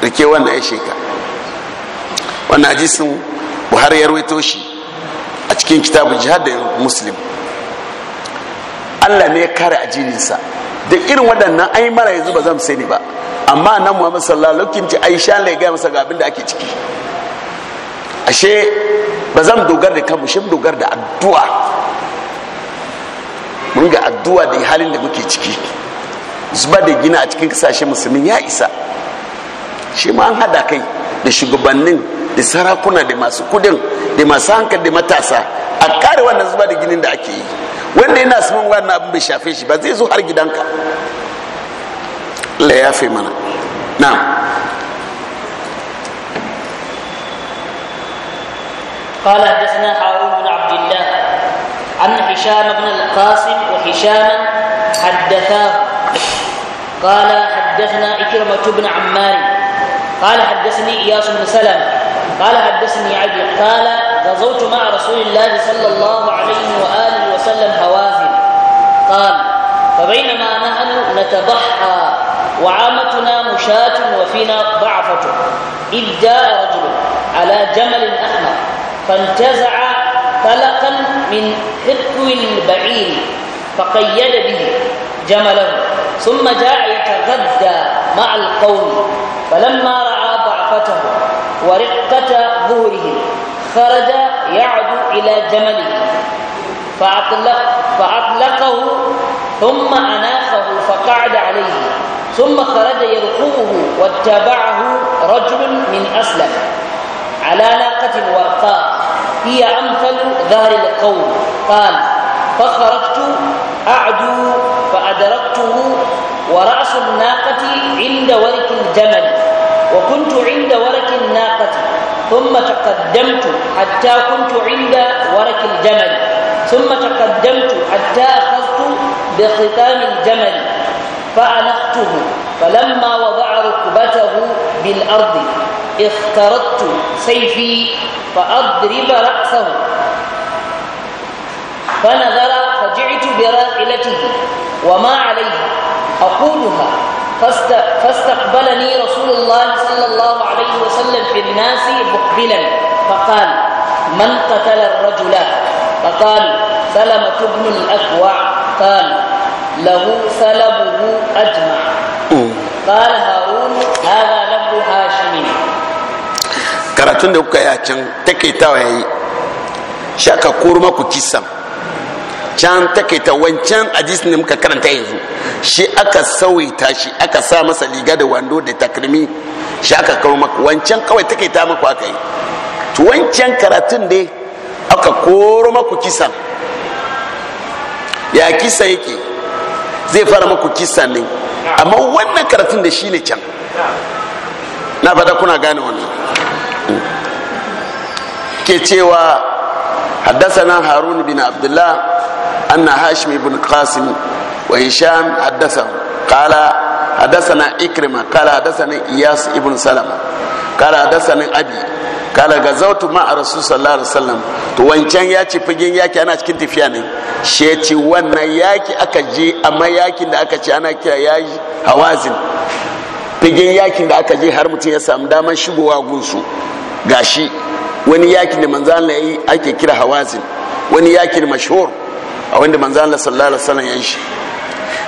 rike wannan ya sheka wannan hadisin Buhari ya rawaito shi a cikin kitabul jihad da Muslim Allah ne ya kare ajininsa da irin waɗannan ai mara yanzu ba zan sani ba amma nan muhammad sallallahu alaihi wasallam ji aisha ne ga masa ga abinda da ake ciki ashe ba zan dogar da kanmu shi dogar da addu'a mun ga addu'a da halin da muke ciki zuba da gina a cikin kasashe musulmi ya isa shi ma an hada kai da shugabannin da sarakuna da masu kudin da masu hankali da matasa a kare wannan zuba da ginin da ake yi wanda ina sun wannan abin bai shafe shi ba zai zo har gidanka la ya mana na قال حدثنا هارون بن عبد الله عن هشام بن القاسم وهشاما حدثاه قال حدثنا إكرمة بن عمار قال حدثني إياس بن سلم قال حدثني عبد قال غزوت مع رسول الله صلى الله عليه وآله وسلم هوازن قال فبينما نحن نتضحى وعامتنا مشاة وفينا ضعفة إذ جاء رجل على جمل أحمر فانتزع فلقا من حركو البعير فقيد به جمله ثم جاء يتغذى مع القوم فلما رأى ضعفته ورقة ظهره خرج يعد إلى جمله فأطلق فأطلقه ثم أناخه فقعد عليه ثم خرج يرقبه واتبعه رجل من أسلم على ناقة وقاء هي أمثل ظهر القوم قال فخرجت أعدو فأدركته ورأس الناقة عند ورك الجمل وكنت عند ورك الناقة ثم تقدمت حتى كنت عند ورك الجمل ثم تقدمت حتى أخذت بختام الجمل فأنقته فلما وضع ركبته بالأرض اخترت سيفي فأضرب رأسه فنظر فجعت براحلته وما عليه أقولها فاستقبلني رسول الله صلى الله عليه وسلم في الناس مقبلا فقال من قتل الرجل فقال سلمة بن الأكوع قال له سلبه أجمع قال هارون هذا لفظ هاشم karatun da kuka yi a can شاكا كورما yi shi aka koro can takaita wancan hadis ne muka karanta yanzu shi aka sauita shi aka sa masa liga da wando da takrimi shi aka kawo maka wancan kawai takaita maka aka yi wancan karatun dai aka koro maku kisan ya kisa yake zai fara maku kisan ne amma wannan karatun da shi ne can na fada kuna gane wani ke cewa haddasana harun bin abdullah anna hashim ibn qasim wa hisham haddasa qala حدثنا إكرمة Qala, حدثني Iyas, ابن Salama, Qala, حدثني أبي kala zautu ma a rasu sallallahu alaihi wasallam to wancan ya ce fagen yaki ana cikin tafiya ne shi ya ce wannan yaki aka je amma yakin da aka ce ana kira ya yi hawazin fagen yakin da aka je har mutum ya samu damar shigowa gunsu gashi wani yakin da manzo Allah yi ake kira hawazin wani yakin mashhur a wanda manzo Allah sallallahu alaihi wasallam ya shi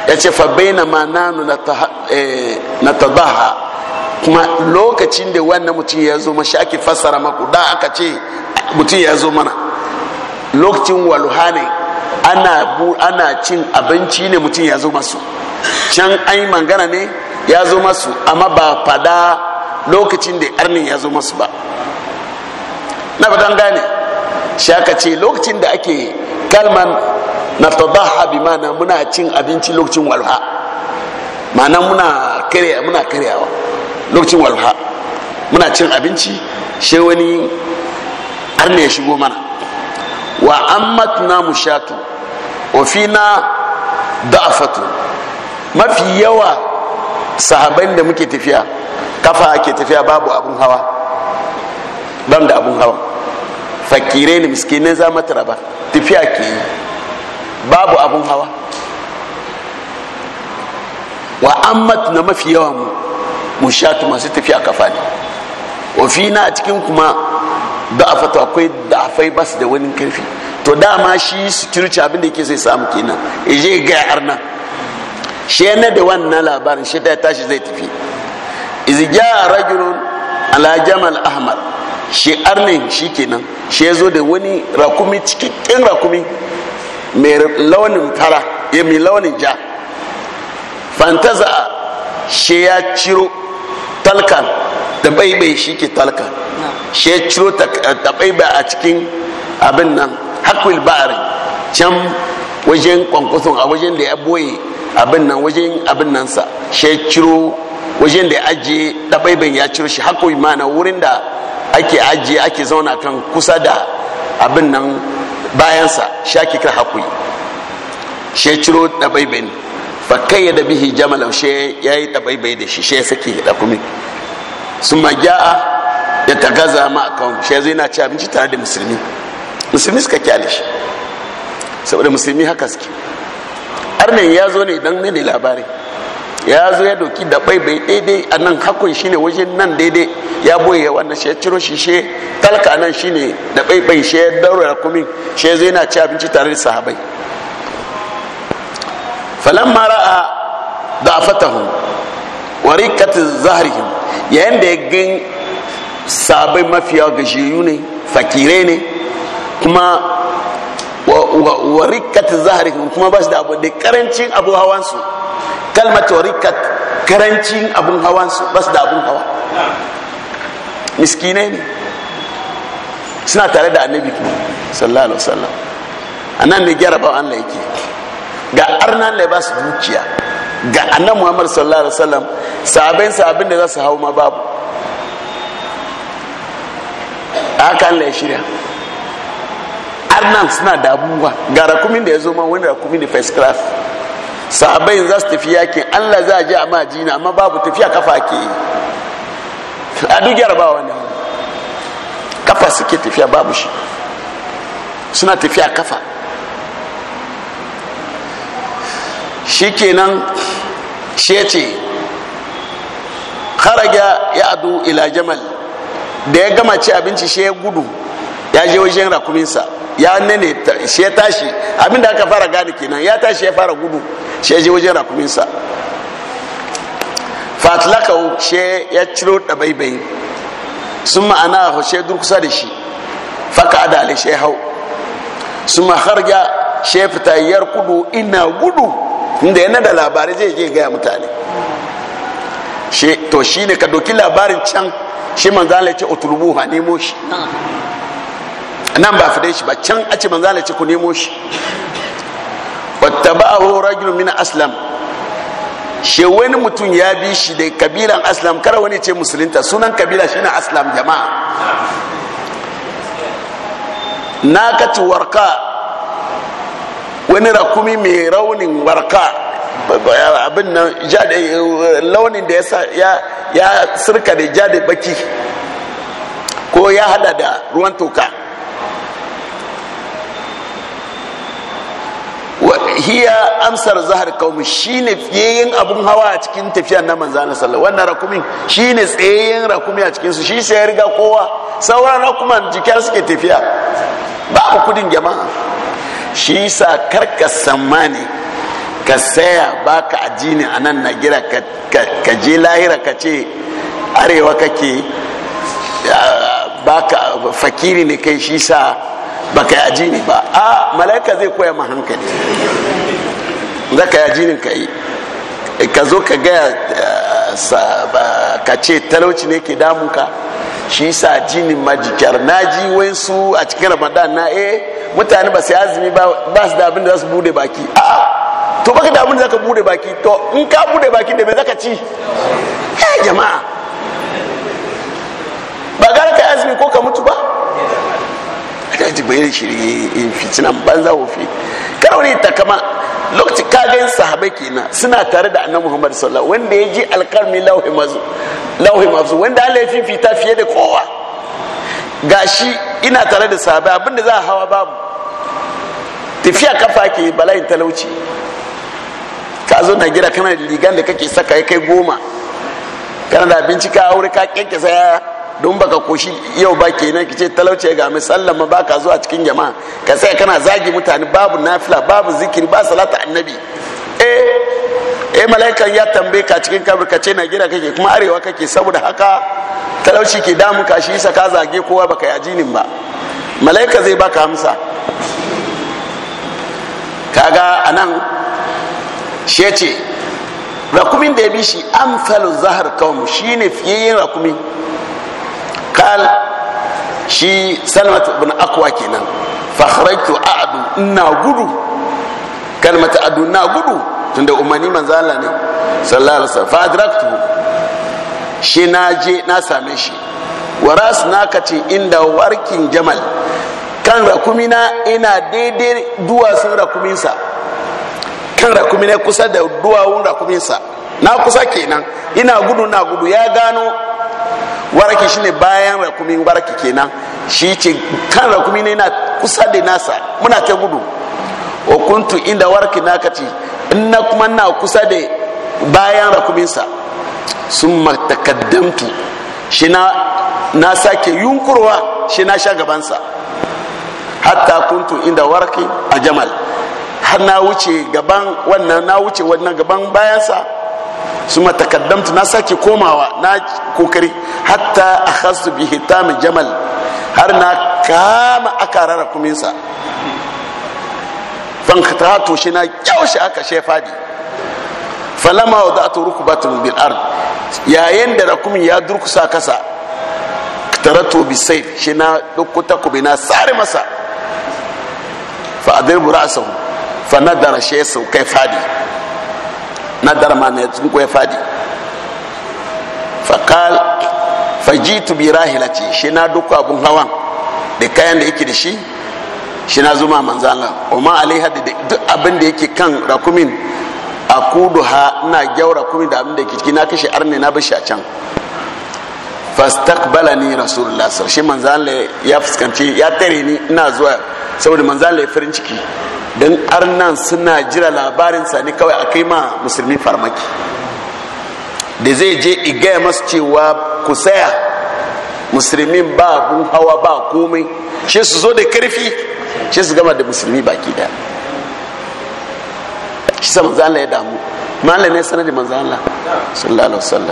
ya ce fa bainama nanu natadaha kuma lokacin da wannan mutum ya zo mashi ake fassara maku da aka ce mutum ya zo mana lokacin waluha ne ana bu ana cin abinci ne mutum ya zo masu can an yi mangana ne ya zo masu amma ba fada lokacin da arnin ya zo masu ba na don gane shi aka ce lokacin da ake kalman na fadaha bi mana muna cin abinci lokacin walha ma'ana muna karyawa lokacin walha muna cin abinci she wani arna ya shigo mana wa na mushatu ofina fina da'afatu mafi yawa sahaban da muke tafiya kafa ake tafiya babu abun hawa ban da abun hawa fakirai ne miskinai za matara ba tafiya ke yi babu abun hawa wa ammat na mafi yawan mu mushatu masu tafiya kafa ne na a cikin kuma da'afa akwai da'afai basu da wani karfi to dama shi security abin da yake sai samu kenan ije ga arna shi yana da wannan labarin shi ta tashi zai tafi izija rajulun ala jamal ahmad shi arnin shi kenan shi zo da wani rakumi cikin rakumi mai launin fara ya mai launin ja fantaza shi ya ciro talkan da baibai shi ke talkan shi ya ciro ta baibai a cikin abin nan hakwil ba'ari can wajen kwankwason a wajen da ya boye abin nan wajen abin nan sa shi ya ciro wajen da ya ajiye ɗabaiban ya ciro shi hakwil mana wurin da ake ajiye ake zauna kan kusa da abin nan bayansa shi ake kira hakwil shi ya ciro ɗabaiban fakai da bihi jamala shi ya yi tabaibai da shi shi ya sake da kuma ma magya'a ya ta gaza ma a shi ya zai na ci abinci tare da musulmi musulmi suka kyale shi saboda musulmi haka suke arnin ya zo ne don ne labari ya zo ya doki da baibai daidai a nan hakun shine wajen nan daidai ya boye wannan shi ya ciro shi shi talka nan shine da baibai shi ya daura kumin shi zai na ci abinci tare da sahabai Falan falamma ra'a da'afatahu wa riqati zahrihim yayin da ya gan sabai mafiya gashiyu ne fakire ne kuma wa riqati zahrihim kuma ba su da abu da karancin abu hawansu kalmata wa riqat karancin abun hawansu ba su da abun hawa miskine ne suna tare da annabi sallallahu alaihi wasallam anan ne gyara ba Allah ga arna ne ba su dukiya ga annan muhammad sallallahu alaihi wasallam sabin sabin da za su hau ma babu haka Allah ya shirya arnan suna da abubuwa ga rakumin da ya zo ma wani rakumin da first class sahabai za su tafi yakin allah za a ji a majina amma babu tafiya kafa ke a duk yarabawa ne kafa suke tafiya babu shi suna tafiya kafa shikenan shi ya ce kharaja ya adu ila jamal da ya gama ci abinci shi ya gudu ya je wajen rakuminsa ya nene shi ya tashi abinda aka fara gane kenan ya tashi ya fara gudu shi ya je wajen rakuminsa fatlakau shi ya ciro ɗabaibai sun ma'ana a shi durkusa da shi faka da alishe hau sun ma harga shi fita yar kudu ina gudu inda yana da labarai zai je gaya mutane to shi ne ka doki labarin can shi manzan ce otulubu ha nemo shi nan ba fi shi ba can a ce manzan ce ku nemo shi wata ba a rajulun min aslam shi wani mutum ya bi shi da kabilan aslam kara wani ce musulunta sunan kabila shi na aslam jama'a na ka warka wani rakumi mai raunin warka abin nan launin da ya sirka da ja baki ko ya hada da ruwan toka hiya amsar zahar kaumi shine fiyayen abun hawa a cikin tafiya na manzana sallallahu wannan rakumin shine tsayayyen rakumi a cikinsu shi sai ya riga kowa sauran rakuman jikar suke tafiya ba kudin jama'a shi sa karka sammani ka saya baka ajini a nan na gira ka je lahira ka ce arewa kake baka fakiri ne kai shi sa baka yi ajini ba a mala'ika zai koya ma hankali za ka yi ka yi ka zo ka gaya eh, ka ce talauci ne ke ka. shi sa jinin majikiyar na ji su a cikin ramadan na eh mutane ba sai azumi ba su da abin da za su bude baki a'a to baka da abin da ka bude baki to in ka bude baki da za ka ci eh jama'a ba gara ka azumi ko ka mutu ba ta ji bayan shirye in fitinan banza wofi kar wani takama lokaci kagan sahabai kenan suna tare da annabi Muhammadu sallallahu wanda ya ji alkalmi lauhi mazu wanda Allah ya fifita fiye da kowa gashi ina tare da sahabai abinda za a hawa babu tafiya kafa ke bala'in talauci ka zo na gida kana da ligan da kake saka ya kai goma kana da abinci ka aure ka kyankyasa ya don baka koshi yau ba kenan kice talauce ga misallan ma baka zuwa cikin jama'a ka sai kana zagi mutane babu nafila babu zikiri ba salatu annabi eh eh mala'ikan ya tambaye ka cikin kabir ka ce na gida kake kuma arewa kake saboda haka talauci ke damu ka shi ka zage kowa baka yi ajinin ba mala'ika zai baka amsa kaga anan shi ce rakumin da ya bi shi amsalu zahar kawmu shine fiye yin rakumi qal shi salmat ibn akwa kenan fa kharajtu a'du gudu kalmata adu na gudu tunda umarni manzo Allah ne sallallahu alaihi wasallam fa adraktu shi naje na same shi wa ras na kace inda warkin jamal kan rakumina ina daidai rakuminsa kan kusa da duwawun rakuminsa na kusa kenan ina gudu na gudu ya gano waraki shine bayan rakumi waraki kenan shi ce kan rakumi ne na kusa da nasa muna ta gudu wa kuntu inda waraki na kaci in na kuma na kusa da bayan rakuminsa sun matakaddamtu shi na na sake yunkurwa shi na sha gabansa hatta kuntu inda waraki a jamal har na wuce gaban wannan na wuce wannan gaban bayansa suma takaddamtu na sake komawa na kokari hatta akhastu bi hitam jamal har na kama akara rakuminsa fan khatatu shi na kyaushi aka she fadi falama wada'tu rukbatun bil ard yayin da rakumin ya durkusa kasa taratu bi sayf shi na dukku kubina sare masa fa adribu ra'sahu fa nadara shi sau kai fadi na darama ne sun ko fadi fakal fajitu bi rahilati shi na duka abun hawan da kayan da yake da shi shi na zuma manzala umma alaiha da duk abin da yake kan rakumin a kudu ha na gyau rakumin da abin da ke ciki na kashe arne na bashi a can fastaqbalani rasulullah shi manzan ya fuskanci ya tare ni ina zuwa saboda manzan ya farin ciki don arnan suna jira labarinsa ne kawai a kai ma musulmi farmaki da zai je igaya masu cewa ku saya musulmin ba hun hawa ba komai shi su zo da karfi shi su gama da musulmi baki da shi sa manzo Allah ya damu malam ne sanar da manzo Allah sallallahu alaihi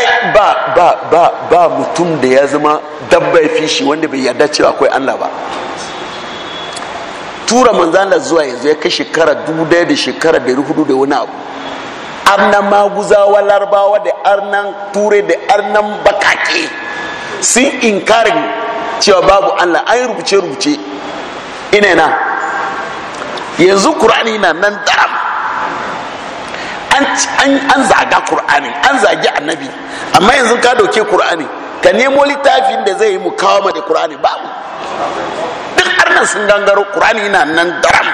ai ba ba ba ba mutum da ya zama dabba fi shi wanda bai yarda cewa akwai Allah ba tura manzana zuwa yanzu ya kai shekara dubu daya da shekara dari hudu da wani abu arnan maguzawa larabawa da arnan ture da arnan bakake sun inkarin cewa babu allah an yi rubuce-rubuce ina na yanzu kur'ani na nan daram an zaga kur'ani an zagi annabi amma yanzu ka doke kur'ani ka nemo littafin da zai yi mukawama da kur'ani babu duk nan sun gangaro ƙur'ani na nan daram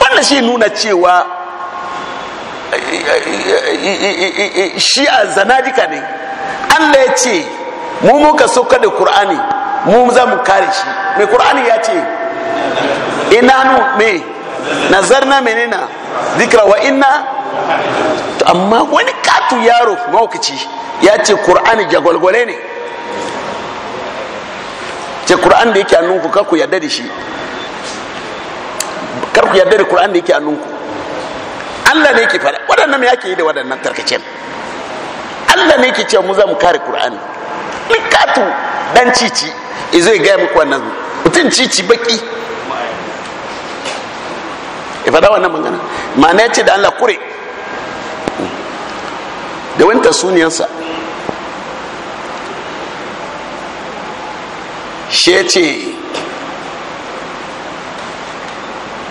wannan shi nuna cewa shi a zanadika ne allah ya ce mu muka so da ƙur'ani mu za mu kare shi mai ƙur'ani ya ce inanu me nazarna menena zikra wa inna amma wani katu yaro maukaci ya ce ƙur'ani jagwalgwale ne ce qur'an da yake hannunku kar ku yarda da shi kar ku yarda da qur'an da yake nunku. Allah ne yake fara waɗannan ke yi da waɗannan tarkacen Allah ne yake cewa mu za mu kare ni katu dan cici izo ya gaya muku wannan mutum cici baki ya fada wannan magana ma'ana ya ce da Allah kure da wani suniyansa. shi ce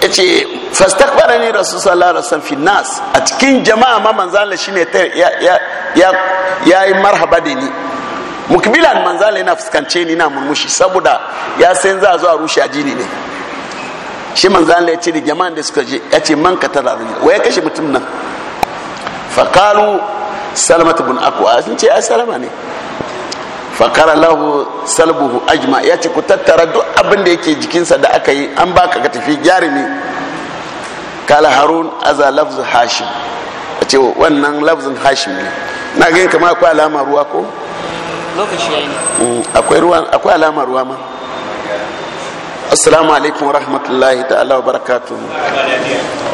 ya ce fastakbara ne rasu sallallahu alaihi wasallam a cikin jama'a ma manzala shine ta ya yi marhaba da ni mukbilan manzala yana fuskance ni na murmushi saboda ya san za a zo a rushe ajini ne shi manzala ya ce da jama'an da suka je ya ce man ka tara wa ya kashe mutum nan fakalu salamatu bin akwa sun ce ya salama ne fakara lahu salbuhu ajma ya ce ku tattara duk abin da yake jikinsa da aka yi an ba ka tafi jarumi kala harun aza lafzu hashim a ce wannan lafzin hashim ne na gani kama akwai alama ruwa ko lokaci mm, ruwa akwai alama ruwa ma assalamu alaikum rahmatullahi ta'ala wa barakatuhu